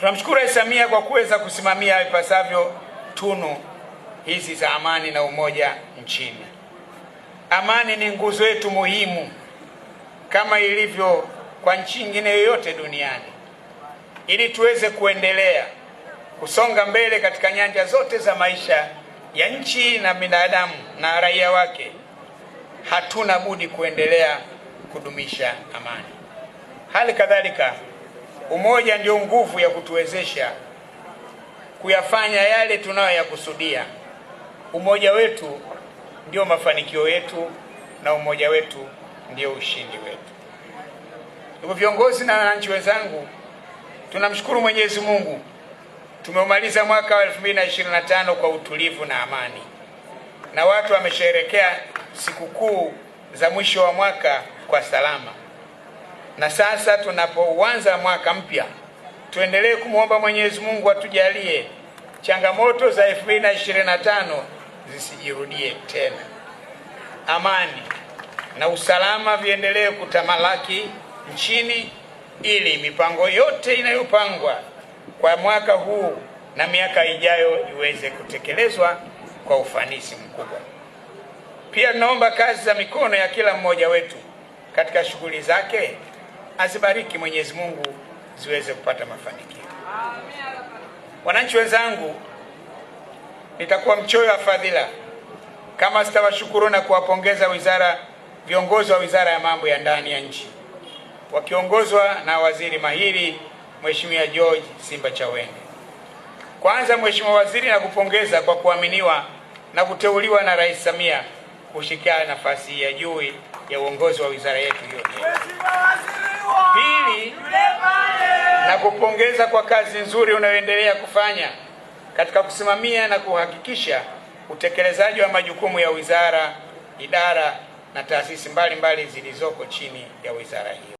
Tunamshukuru Rais Samia kwa kuweza kusimamia ipasavyo tunu hizi za amani na umoja nchini. Amani ni nguzo yetu muhimu kama ilivyo kwa nchi nyingine yoyote duniani, ili tuweze kuendelea kusonga mbele katika nyanja zote za maisha ya nchi na binadamu na raia wake, hatuna budi kuendelea kudumisha amani. Hali kadhalika Umoja ndio nguvu ya kutuwezesha kuyafanya yale tunayoyakusudia. Umoja wetu ndio mafanikio yetu na umoja wetu ndio ushindi wetu. Ndugu viongozi na wananchi wenzangu, tunamshukuru Mwenyezi Mungu tumeumaliza mwaka wa 2025 kwa utulivu na amani, na watu wamesherekea sikukuu za mwisho wa mwaka kwa salama. Na sasa tunapoanza mwaka mpya, tuendelee kumwomba Mwenyezi Mungu atujalie changamoto za 2025 zisijirudie tena, amani na usalama viendelee kutamalaki nchini, ili mipango yote inayopangwa kwa mwaka huu na miaka ijayo iweze kutekelezwa kwa ufanisi mkubwa. Pia tunaomba kazi za mikono ya kila mmoja wetu katika shughuli zake azibariki Mwenyezi Mungu ziweze kupata mafanikio. Wananchi wenzangu, nitakuwa mchoyo wa fadhila kama sitawashukuru na kuwapongeza wizara, viongozi wa wizara ya mambo ya ndani ya nchi wakiongozwa na waziri mahiri Mheshimiwa George Simba Chawene. Kwanza Mheshimiwa Waziri, nakupongeza kwa kuaminiwa na kuteuliwa na Rais Samia kushikia nafasi ya juu ya uongozi wa wizara yetu hiyo. Pili, na kupongeza kwa kazi nzuri unayoendelea kufanya katika kusimamia na kuhakikisha utekelezaji wa majukumu ya wizara, idara na taasisi mbalimbali zilizoko chini ya wizara hiyo.